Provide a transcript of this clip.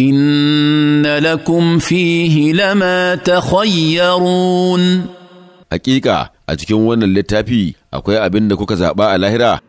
إن لكم فيه لما تخيرون حقيقة a cikin wannan littafi akwai abin da kuka zaɓa a lahira